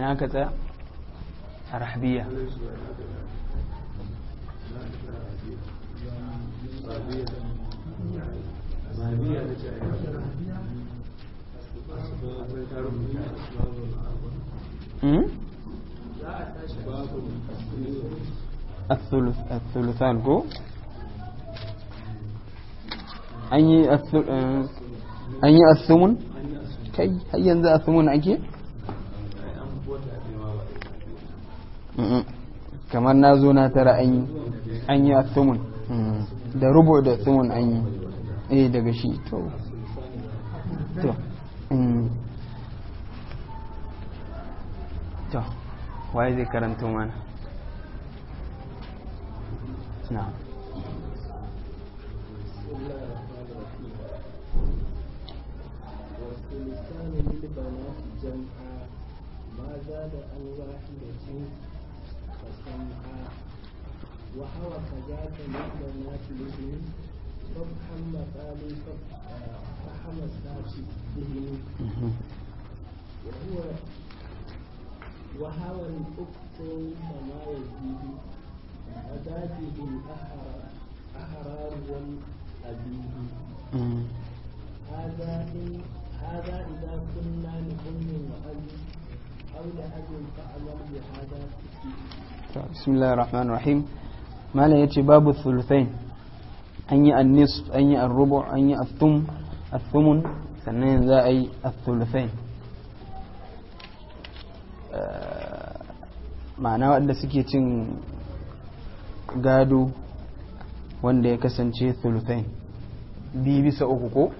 أنا هكذا رحبية الثلث الثلثان كو أي الثمن كي هيا ذا الثمن أكيد Mm-hmm. kamar na zo na tara an yi an yi asumun mm-hmm. da rubo da asumun an yi eh daga shi to to to waye zai karanta mana na Thank you. وحرك ذاك مثل الناس بهم فابحم مقامي فحم الناس بهم وهو وهوى الأفق فما يزيد عذابه الأحرار أحرار والأبيه هذا هذا إذا كنا لأم وأبي bismillahir rahmanir rahim malam yace babu thuluthain an yi annis an yi arrubu an yi athum sannan za a yi athuluthain eh, ma'ana wanda suke cin gado wanda ya kasance thuluthain bi bisa uku ko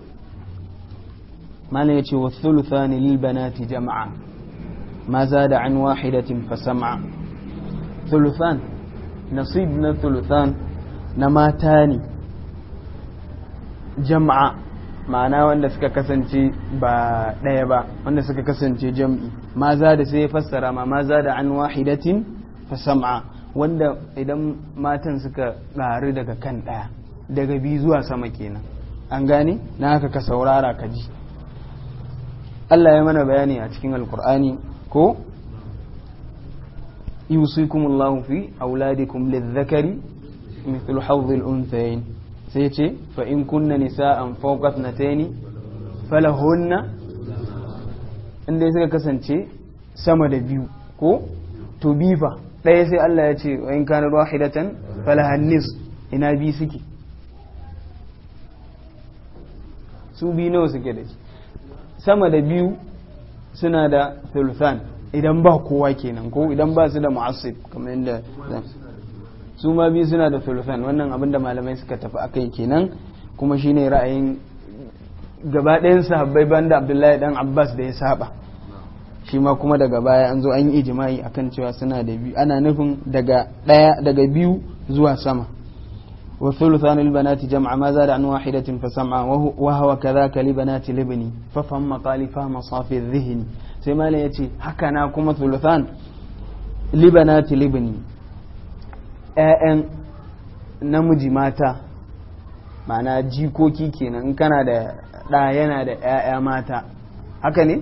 malam yace wa thuluthani lil banati jama'a ما زاد عن واحدة فسمع ثلثان نصيبنا ثلثان نماتاني جمع ma'ana wanda suka kasance ba ɗaya ba wanda suka kasance jam'i ma da sai fassara ma maza za da an wahidatin fa sam'a wanda idan matan suka ƙaru daga kan ɗaya daga biyu zuwa sama kenan an gane na haka ka saurara ka ji Allah ya mana bayani a cikin alkur'ani ko a fi auladikum lidhakari mithlu hawdhi al-unthayn sai ce fa in kunna nisa'an fawqa ithnatayn falahunna inda suka kasance sama da biyu ko to bifa ɗaya sai Allah ya ce wa’in in ruwa hidatan falahannis ina bi suke su bi nawa suke da sama da biyu suna da thuluthan idan ba kowa kenan ko idan ba su da mu'assib kamar yadda su ma biyu suna da thuluthan wannan abin da malamai suka tafi akai kenan kuma shine ra'ayin gaba ɗayan sahabbai banda abdullahi dan abbas da ya saba shi ma kuma daga baya an zo an yi ijimai akan cewa suna da biyu ana nufin daga ɗaya daga biyu zuwa sama والثلثان للبنات جمع ما زاد عن واحدة فسمع وهو, وهو كذاك لبنات الابن ففهم مقالي فهم صافي الذهن سيما ليتي هكنا كما ثلثان لبنات الابن ƴaƴan namiji mata ma'ana jikoki kenan kana da ɗa yana da ƴaƴa mata haka ne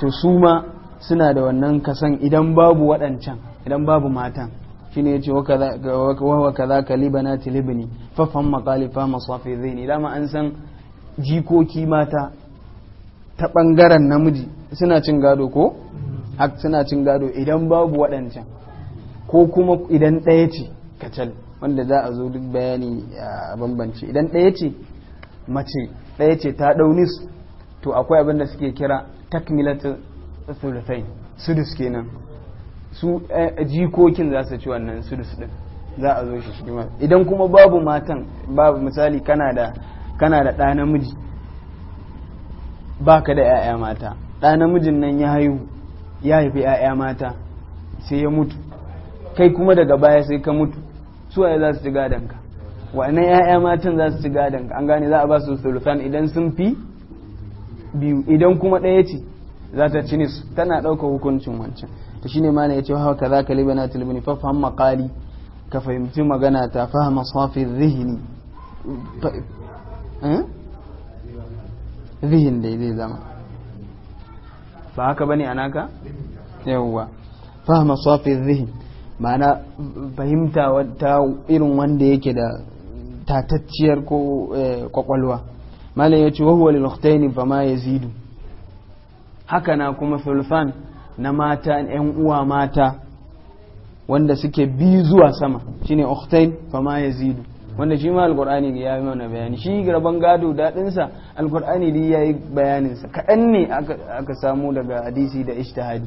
to su ma suna da wannan kasan idan babu waɗancan idan babu matan shine yace wa kaza wa kaza kalibana tilibni fa fam zai ne dama an san jikoki mata ta bangaren namiji suna cin gado ko hak suna cin gado idan babu waɗancan ko kuma idan ɗaya ce kacal wanda za a zo duk bayani a bambance idan ɗaya ce mace ɗaya ce ta ɗaunis to akwai abin da suke kira takmilatul thulutain sudus kenan su eh, jikokin za su ci wannan sudus din za a zo shi shi idan kuma babu matan babu misali kana da kana da ɗa namiji baka da 'ya'ya mata ɗa namijin nan ya haihu ya haifi 'ya'ya mata sai ya mutu kai kuma daga baya sai ka mutu waye za su ci gadonka wannan 'ya'ya matan za su ci gadonka an gane za a ba su sulfan idan sun fi biyu idan kuma ɗaya ce za ta ci tana ɗauka hukuncin wancan to shine ma ne yace wa kaza na tilbini fa faham maqali ka fahimci magana ta fahama safi zihni eh? zihin dai zai zama ba haka bane anaka yawwa fahama safi zihin ma'ana fahimta ta irin wanda yake da tatacciyar ko eh, kwakwalwa ce yace wa huwa lil ukhtaini fama yazidu haka na kuma sulfan na mata ‘yan uwa mata wanda suke bi zuwa sama shine oktain fama ya zidu wanda shi ma alkur'ani ya yi mana bayani shi garban gado daɗinsa alkur'ani da ya yi bayaninsa kaɗan ne aka samu daga hadisi da ishtihadi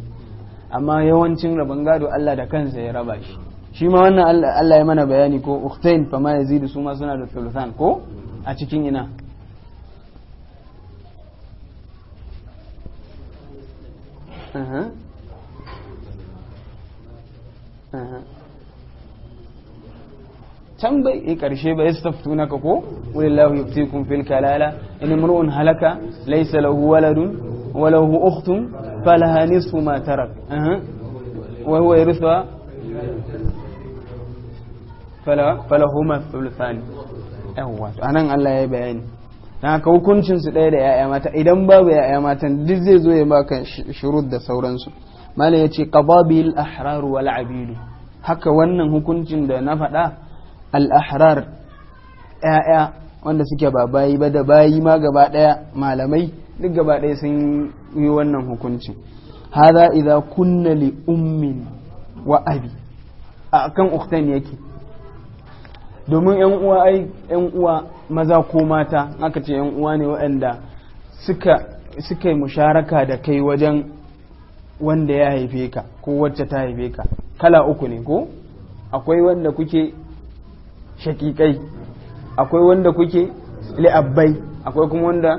amma yawancin rabon gado Allah da kansa ya raba shi shi ma wannan Allah ya mana bayani ko uktain fama ya zidu su ma suna da thuluthan ko a cikin ina Uh-huh. Eh. can bai yi eh, karshe ba yastaftuna ka ko yi teku fil kalala in mura'un halaka laisa lahu waladun walahu uktun falahani falaha nisfu ma tarak eh. wa huwa yarithuha yawwa to anan Allah ya bayani na haka hukuncinsu ɗaya da ya'ya mata idan babu ya'ya matan duk zai zo ya baka shurud da sauransu malam ya ce ƙababil ahrar wal abidu haka wannan hukuncin da na faɗa alahrar yaya wanda suke ba bayi ba da bayi ma gaba ɗaya malamai duk gaba ɗaya sun yi wannan hukuncin haza iza kunna li ummin wa abi kan uktan yake domin yan uwa ai yan uwa maza ko mata aka ce yan uwa ne waɗanda suka suka yi musharaka da kai wajen wanda ya haife ka ko wacce ta haife ka kala uku ne ko akwai wanda kuke shakikai akwai wanda kuke li'abbai akwai kuma wanda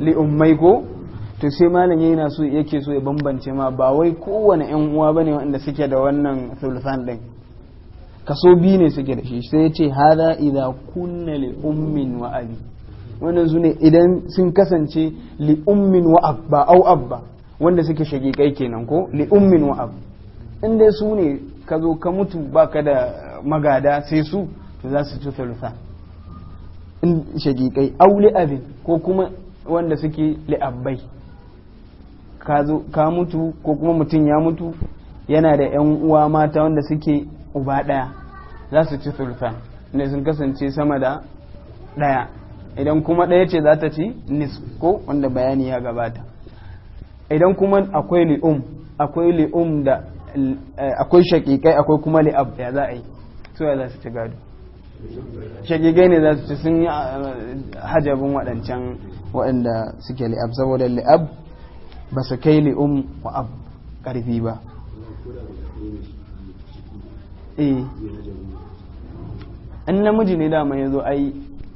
li'ummai ko to sai malam ya so yake so ya bambance ma ba wai kowane yan uwa bane wanda suke da wannan sulfan din kaso biyu ne suke da shi sai yace ce hada idza kunna li ummin wa abi wannan zune idan sun kasance li ummin wa abba au abba wanda suke shagiƙai kenan ko li ummin wa abu in dai su ne ka zo ka mutu baka da magada sai su to za su ci thulutha in shagiƙai au li abin ko kuma wanda suke li ka zo ka mutu ko kuma mutum ya mutu yana da yan uwa mata wanda suke uba ɗaya za su ci thulutha ne sun kasance sama da ɗaya idan kuma ɗaya ce za ta ci nis ko wanda bayani ya gabata idan kuma akwai li'um akwai li'um da eh, akwai shakikai akwai kuma li'ab ya za a yi so ya za su ci gado shakikai ne za su ci sun yi eh, hajabin waɗancan waɗanda suke li'ab saboda li'ab ba su kai li'um wa ab ƙarfi ba eh. in namiji ne dama ya zo ai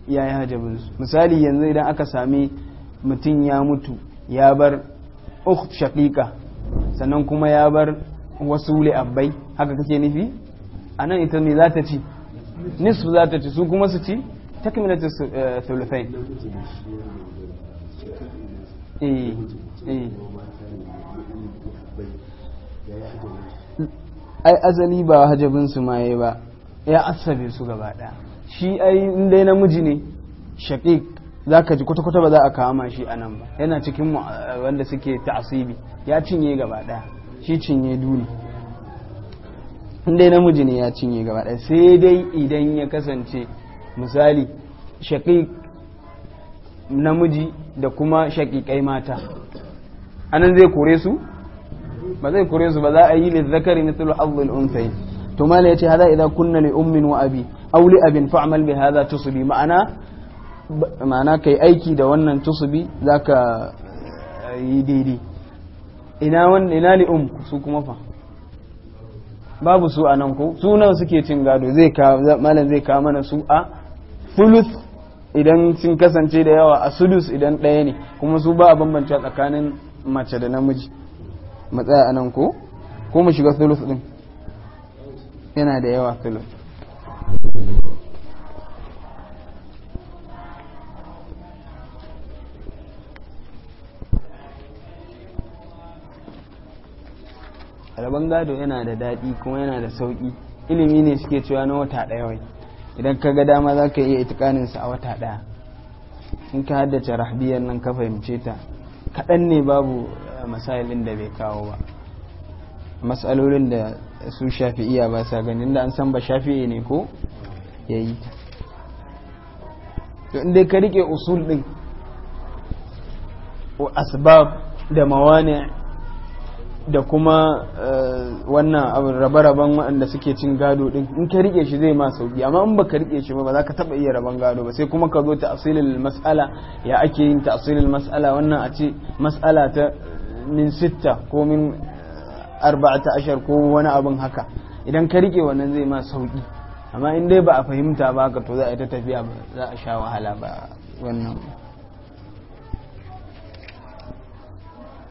ya yi hajabinsu misali yanzu idan aka sami mutum ya mutu ya bar ukht shaqiqa sannan kuma ya bar wasu li'abbai haka kake nufi anan ita ne zata ci nisfu zata ci su kuma su ci takmilatu eh, thuluthain eh eh ai azali ba hajabin su maye ba ya asabe su gaba ɗaya shi ai indai namiji ne shaqiq za ka ji kwata-kwata ba za a kama shi a nan ba yana cikin eh, wanda suke ta'asibi ya cinye gaba ɗaya shi cinye duni dai namiji ne ya cinye gaba ɗaya sai dai idan ya kasance misali shaƙiƙ namiji da kuma shaƙiƙai mata anan zai kore su ba zai kore su ba za a yi na mithlu abubuwan unsay to mala yace haza idan kunna li ummin wa abi auli abin fa'amal bi haza tusbi ma'ana ma'ana ka yi aiki da wannan tusubi za ka yi daidai ina wani ina li'um su kuma fa babu su a nan ko sunan suke cin gado zai malam zai kawo mana su a fulus idan sun kasance da yawa a sulus idan ɗaya ne kuma su ba a bambance tsakanin mace da namiji matsaya a nan ko ko mu shiga sulus din yana da yawa sulus rabon gado yana da daɗi kuma yana da sauƙi ilimi ne suke cewa na wata ɗaya wai idan ka ga dama za ka iya itikaninsa a wata ɗaya in ka haddace rahbiyar nan ka fahimce ta kaɗan ne babu eh, masalolin da bai kawo ba masalolin da su iya ba sa ganin da an san ba iya ne ko ya yi ta to inda ka rike usul ɗin asbab da mawani da kuma eh, wannan abin rabe-raben waɗanda suke cin gado ɗin in ka riƙe shi zai ma sauƙi amma in baka riƙe shi ba ba za ka taba iya raban gado ba sai kuma ka zo ta asilin mas'ala ya ake yin ta asilin mas'ala wannan a ce mas'ala ta min sitta ko min arba'ata ashar ko wani abin haka idan ka riƙe wannan zai ma sauƙi amma in dai ba a fahimta ba ka to za a yi ta tafiya ba za a sha wahala ba wannan